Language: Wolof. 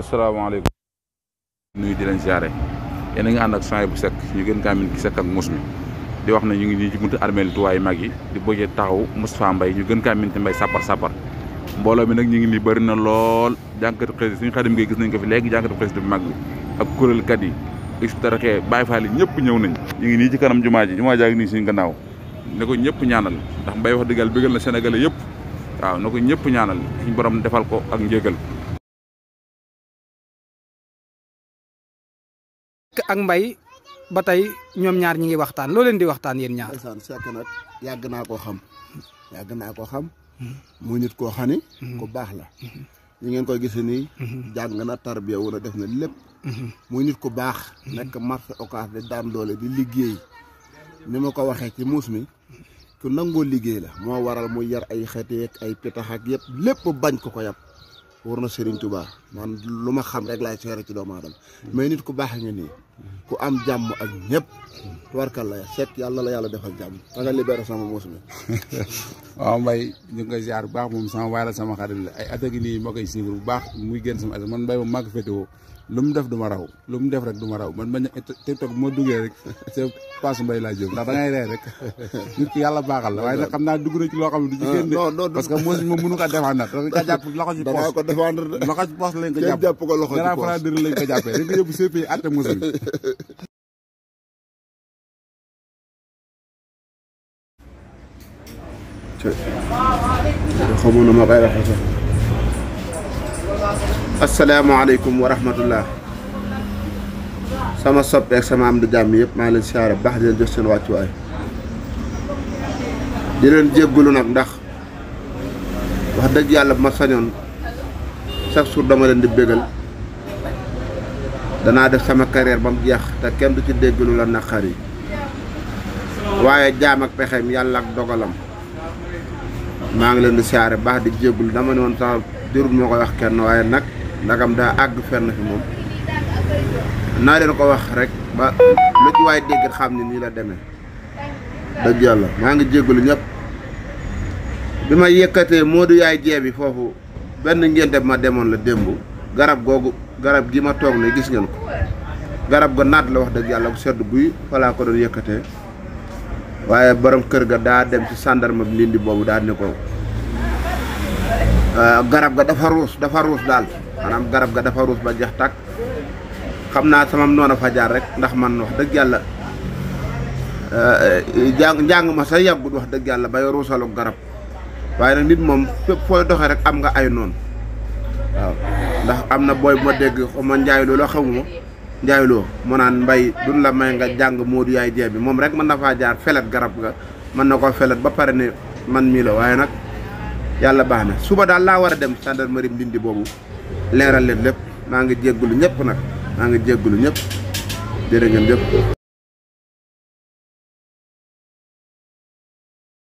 asalaamaaleykum. nuyu di leen ziare yéen a ngi ànd ak sang bu sekk ñu gën kaa min ki sekk ak mos mi di wax na ñu ngi nii ci buntu armeelu Touba yu mag yi di bëggee taxaw Moustapha Mbaye ñu gën kaa min ci Mbaye Sapar mbooloo mi nag ñu ngi nii bëri na lool jànkatu suñu xadim ngay gis nañ ko fi léegi jànkatu xasida mag bi ak kuréelkat yi extaraxee Baye ñëpp ñëw nañ ñu ngi nii ci kanam jumaa ji jumaa jaa ngi nii suñu gannaaw ne ko ñëpp ñaanal ndax Mbaye wax dëggal bëggal na Sénégalais yëpp waaw na ko ñëpp ñaanal suñu borom defal ko ak njégal ak mbay ba tey ñoom ñaar ñi ngi waxtaan loo leen di waxtaan yéen ñaar. ndeysaan sekk nag yàgg naa koo xam. yàgg naa ko xam. muy nit koo xani ku baax la. ñu ngeen koy gisee nii. jàng na tarbiya wu na def na lépp. muy nit ku baax. nekk marché occas di daan doole di liggéey. ni ma ko waxee ci muus mi. ku nangoo liggéey la. moo waral mu yar ay xeteek ay pitax ak yëpp lépp bañ ko ko yàpp war na Serigne Touba man lu ma xam rek laay seere ci doomu aadama mais nit ku baax nga nii ku am jàmm ak ñëpp tubarkalla seet yàlla la yàlla defal jàmm danga libéré sama muus mi waaw mbay ñu ngi koy ziar bu baax moom sama waay la sama xarit la ay at a ngi nii ma koy suivre bu baax muy génn sama at man mbay moom maa ko lu mu def du ma raw lu mu def rek du ma raw man ma TikTok bu moo duggee rek c'est passe mbay laa jëm ndax da ngay rek nit ki yàlla baaxal la waaye nag xam naa dugg na ci loo xam ne du ci ah, génn parce que moosi ma mënu ko défendre da nga jàpp loxo ci poos ko défendre loxo ci poos lañ ko jàpp jàpp ko loxo ci poos asalaamaaleykum wa rahmatullah sama soppeek sama am di jàmm yëpp maa ngi leen siyaare baax di leen jox seen wàccuwaay di leen jéggalu nag ndax wax dëgg yàlla bu ma sañoon chaque jour dama leen di bégal danaa def sama carrière ba mu jeex te kenn du ci déggalu la naqar yi waaye jaam ak pexeem yàlla ak dogalam maa ngi leen di siyaare baax di jéggalu dama ne woon sax jërul moo koy wax kenn waaye nag ndagam daa àgg fenn fi moom naa leen ko wax rek ba lu ci waay dégg xam ne nii la deme dëgg yàlla maa ngi jéggalu ñëpp bi ma yëkkatee Modou yaay jeebi foofu benn ngénte ma demoon la démb garab googu garab gi ma toog ne gis ngeen ko garab ga naat la wax dëgg yàlla bu sedd guy falaa ko doon yëkkatee waaye borom kër ga daa dem ci sàndarma bi lindi boobu daal ne ko ah, garab ga dafa ruus dafa ruus daal maanaam garab ga dafa ba jeex tàkk xam naa sama noonu fa jaar rek ndax man wax dëgg yàlla eh, eh, jàng njàng ma sa yàggut wax dëgg yàlla bay ruusalu garab waaye nag nit moom fépp fooy doxee rek am nga ay noonu waaw ndax am na booy bu ma dégg xawma njaayloo la xamuma njaayloo mu naan mbay duñ la may nga jàng moodu yaay jee bi moom rek mën na faa jaar felet garab ga mën na koo felet ba pare ne man miilo waaye nag yàlla baax na suba daal laa war a dem mari Ndindi boobu leeral leen lépp maa ngi jéggulu ñëpp nag maa ngi jéggulu ñëpp jërë ngeen